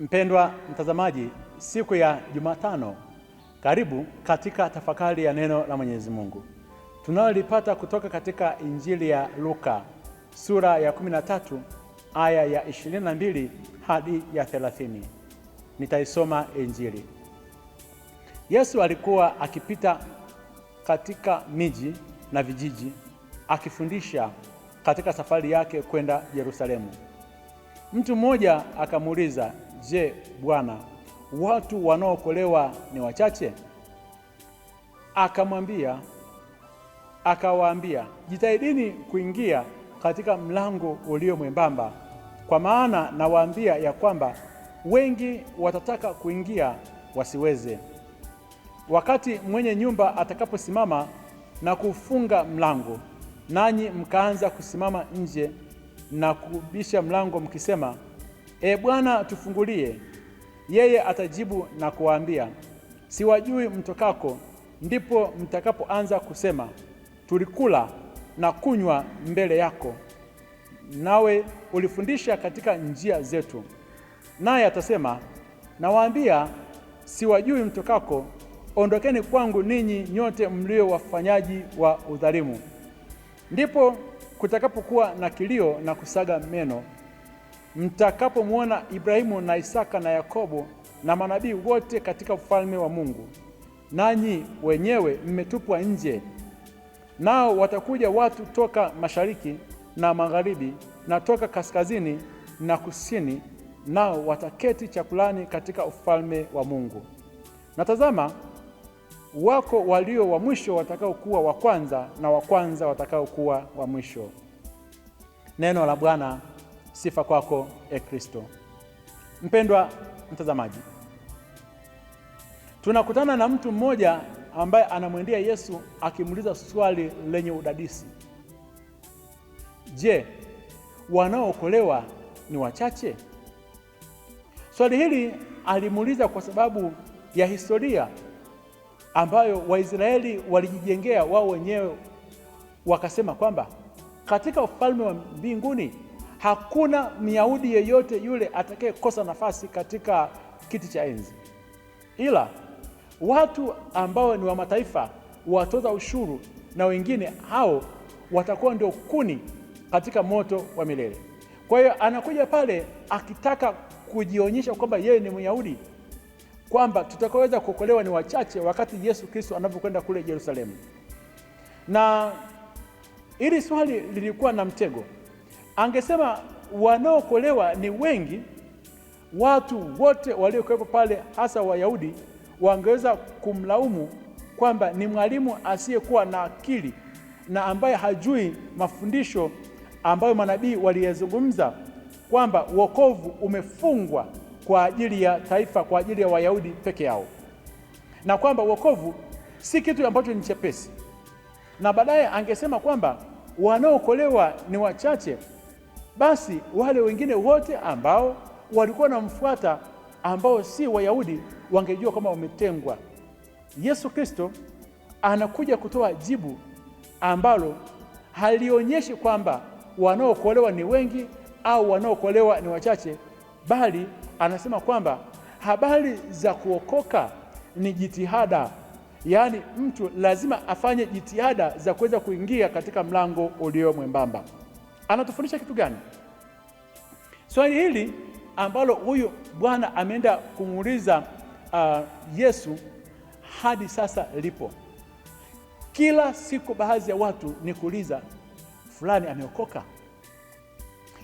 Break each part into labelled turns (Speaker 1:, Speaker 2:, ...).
Speaker 1: Mpendwa mtazamaji, siku ya Jumatano, karibu katika tafakari ya neno la Mwenyezi Mungu tunalolipata kutoka katika Injili ya Luka sura ya 13 aya ya 22 hadi ya 30. Nitaisoma Injili. Yesu alikuwa akipita katika miji na vijiji akifundisha katika safari yake kwenda Yerusalemu. Mtu mmoja akamuuliza Je, Bwana, watu wanaokolewa ni wachache? Akamwambia, akawaambia, jitahidini kuingia katika mlango ulio mwembamba, kwa maana nawaambia ya kwamba wengi watataka kuingia wasiweze. Wakati mwenye nyumba atakaposimama na kufunga mlango, nanyi mkaanza kusimama nje na kubisha mlango mkisema E Bwana, tufungulie. Yeye atajibu na kuwaambia, siwajui mtokako. Ndipo mtakapoanza kusema, tulikula na kunywa mbele yako, nawe ulifundisha katika njia zetu. Naye atasema, nawaambia, siwajui mtokako. Ondokeni kwangu ninyi nyote mlio wafanyaji wa udhalimu. Ndipo kutakapokuwa na kilio na kusaga meno mtakapomwona Ibrahimu na Isaka na Yakobo na manabii wote katika ufalme wa Mungu, nanyi wenyewe mmetupwa nje. Nao watakuja watu toka mashariki na magharibi na toka kaskazini na kusini, nao wataketi chakulani katika ufalme wa Mungu. natazama wako walio wa mwisho watakaokuwa wa kwanza, na wa kwanza watakaokuwa wa mwisho. Neno la Bwana. Sifa kwako e Kristo. Mpendwa mtazamaji, tunakutana na mtu mmoja ambaye anamwendea Yesu akimuuliza swali lenye udadisi: Je, wanaookolewa ni wachache? Swali hili alimuuliza kwa sababu ya historia ambayo Waisraeli walijijengea wao wenyewe, wakasema kwamba katika ufalme wa mbinguni hakuna Myahudi yeyote yule atakayekosa nafasi katika kiti cha enzi, ila watu ambao ni wa mataifa, watoza ushuru na wengine, hao watakuwa ndio kuni katika moto wa milele. Kwa hiyo anakuja pale akitaka kujionyesha kwamba yeye ni Myahudi, kwamba tutakaoweza kuokolewa ni wachache, wakati Yesu Kristo anavyokwenda kule Yerusalemu. Na hili swali lilikuwa na mtego Angesema wanaokolewa ni wengi, watu wote waliokuwepo pale, hasa Wayahudi, wangeweza kumlaumu kwamba ni mwalimu asiyekuwa na akili na ambaye hajui mafundisho ambayo manabii waliyazungumza kwamba wokovu umefungwa kwa ajili ya taifa, kwa ajili ya Wayahudi peke yao, na kwamba wokovu si kitu ambacho ni chepesi. Na baadaye angesema kwamba wanaokolewa ni wachache basi wale wengine wote ambao walikuwa wanamfuata ambao si Wayahudi wangejua kama wametengwa. Yesu Kristo anakuja kutoa jibu ambalo halionyeshi kwamba wanaokolewa ni wengi au wanaokolewa ni wachache, bali anasema kwamba habari za kuokoka ni jitihada, yaani mtu lazima afanye jitihada za kuweza kuingia katika mlango ulio mwembamba. Anatufundisha kitu gani? Swali so, hili ambalo huyu bwana ameenda kumuuliza uh, Yesu hadi sasa lipo kila siku. Baadhi ya watu ni kuuliza fulani ameokoka,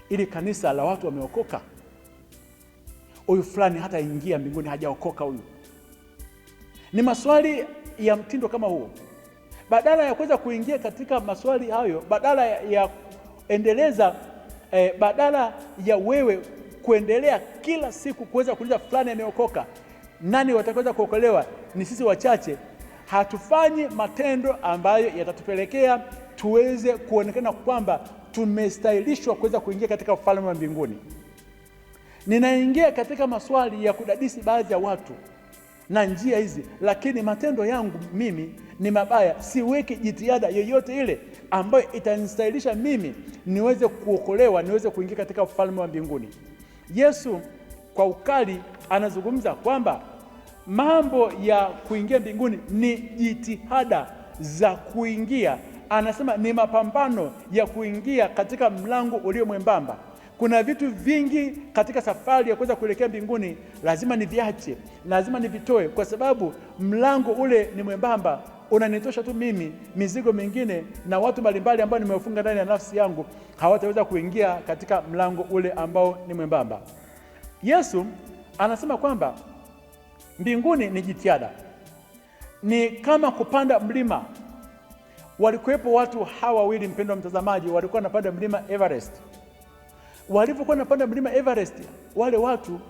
Speaker 1: ili kanisa la watu wameokoka, huyu fulani hata ingia mbinguni, hajaokoka huyu. Ni maswali ya mtindo kama huo, badala ya kuweza kuingia katika maswali hayo, badala ya endeleza eh, badala ya wewe kuendelea kila siku kuweza kuuliza fulani ameokoka, nani watakaweza kuokolewa, ni sisi wachache, hatufanyi matendo ambayo yatatupelekea tuweze kuonekana kwamba tumestahilishwa kuweza kuingia katika ufalme wa mbinguni. Ninaingia katika maswali ya kudadisi baadhi ya watu na njia hizi, lakini matendo yangu mimi ni mabaya, siweki jitihada yoyote ile ambayo itanistahilisha mimi niweze kuokolewa, niweze kuingia katika ufalme wa mbinguni. Yesu kwa ukali anazungumza kwamba mambo ya kuingia mbinguni ni jitihada za kuingia, anasema ni mapambano ya kuingia katika mlango ulio mwembamba. Kuna vitu vingi katika safari ya kuweza kuelekea mbinguni, lazima niviache, lazima nivitoe, kwa sababu mlango ule ni mwembamba, unanitosha tu mimi. Mizigo mingine na watu mbalimbali ambao nimewafunga ndani ya nafsi yangu hawataweza kuingia katika mlango ule ambao ni mwembamba. Yesu anasema kwamba mbinguni ni jitihada, ni kama kupanda mlima. Walikuwepo watu hawa wawili, mpendwa mtazamaji, walikuwa wanapanda mlima Everest. Walipokuwa napanda mlima Everest, wale watu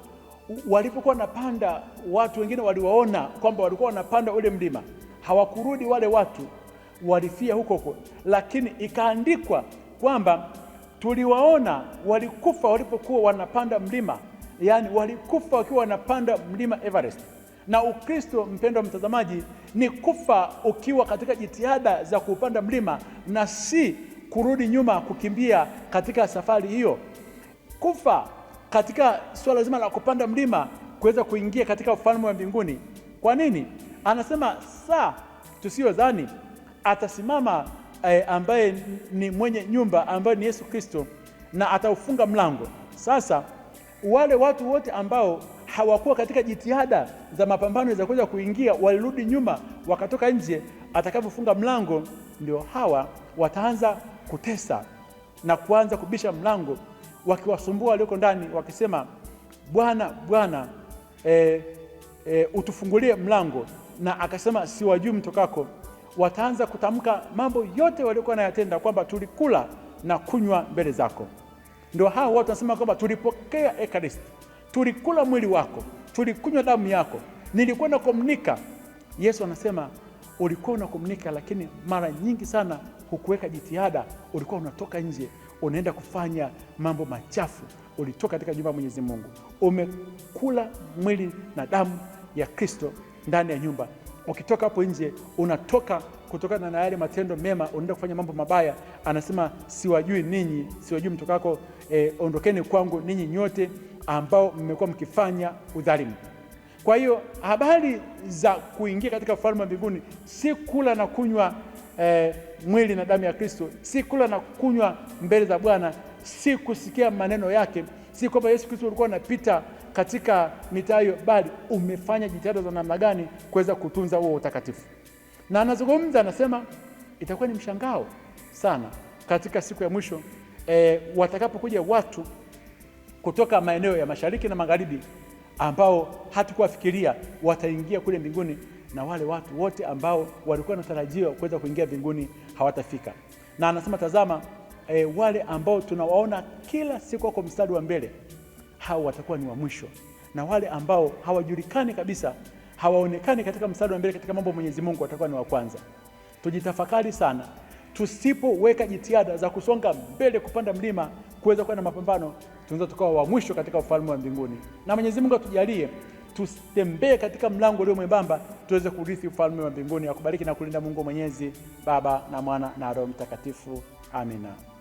Speaker 1: walipokuwa napanda, watu wengine waliwaona kwamba walikuwa wanapanda ule mlima, hawakurudi wale watu, walifia huko huko, lakini ikaandikwa kwamba tuliwaona walikufa walipokuwa wanapanda mlima, yaani walikufa wakiwa wanapanda mlima Everest. Na Ukristo, mpendwa mtazamaji, ni kufa ukiwa katika jitihada za kuupanda mlima na si kurudi nyuma kukimbia katika safari hiyo kufa katika suala zima la kupanda mlima kuweza kuingia katika ufalme wa mbinguni. Kwa nini? Anasema saa tusiyodhani atasimama e, ambaye ni mwenye nyumba ambaye ni Yesu Kristo na ataufunga mlango. Sasa wale watu wote ambao hawakuwa katika jitihada za mapambano za kuweza kuingia, walirudi nyuma, wakatoka nje. Atakapofunga mlango, ndio hawa wataanza kutesa na kuanza kubisha mlango wakiwasumbua walioko ndani wakisema, Bwana Bwana, e, e, utufungulie mlango, na akasema siwajui mtokako. Wataanza kutamka mambo yote waliokuwa anayatenda kwamba tulikula na kunywa mbele zako. Ndio hao watu wanasema kwamba tulipokea Ekaristi, tulikula mwili wako, tulikunywa damu yako, nilikuwa na komunika. Yesu anasema ulikuwa unakomunika, lakini mara nyingi sana hukuweka jitihada, ulikuwa unatoka nje unaenda kufanya mambo machafu. Ulitoka katika nyumba ya Mwenyezi Mungu, umekula mwili na damu ya Kristo ndani ya nyumba. Ukitoka hapo nje, unatoka kutokana na yale matendo mema, unaenda kufanya mambo mabaya. Anasema siwajui ninyi, siwajui mtokako. E, eh, ondokeni kwangu ninyi nyote ambao mmekuwa mkifanya udhalimu. Kwa hiyo habari za kuingia katika ufalme wa mbinguni si kula na kunywa eh, mwili na damu ya Kristo, si kula na kunywa mbele za Bwana, si kusikia maneno yake, si kwamba Yesu Kristo ulikuwa unapita katika mitaa hiyo, bali umefanya jitihada za namna gani kuweza kutunza huo utakatifu. Na anazungumza anasema, itakuwa ni mshangao sana katika siku ya mwisho eh, watakapokuja watu kutoka maeneo ya mashariki na magharibi ambao hatukuwafikiria wataingia kule mbinguni, na wale watu wote ambao walikuwa wanatarajiwa kuweza kuingia mbinguni hawatafika. Na anasema tazama, e, wale ambao tunawaona kila siku wako mstari wa mbele, hao watakuwa ni wa mwisho, na wale ambao hawajulikani kabisa, hawaonekani katika mstari wa mbele katika mambo ya Mwenyezi Mungu, watakuwa ni wa kwanza. Tujitafakari sana. Tusipoweka jitihada za kusonga mbele, kupanda mlima, kuweza kuwa na mapambano, tunaweza tukawa wa mwisho katika ufalme wa mbinguni. Na Mwenyezi Mungu atujalie tutembee katika mlango ulio mwembamba, tuweze kurithi ufalme wa mbinguni. Akubariki na kulinda Mungu Mwenyezi, Baba na Mwana na Roho Mtakatifu. Amina.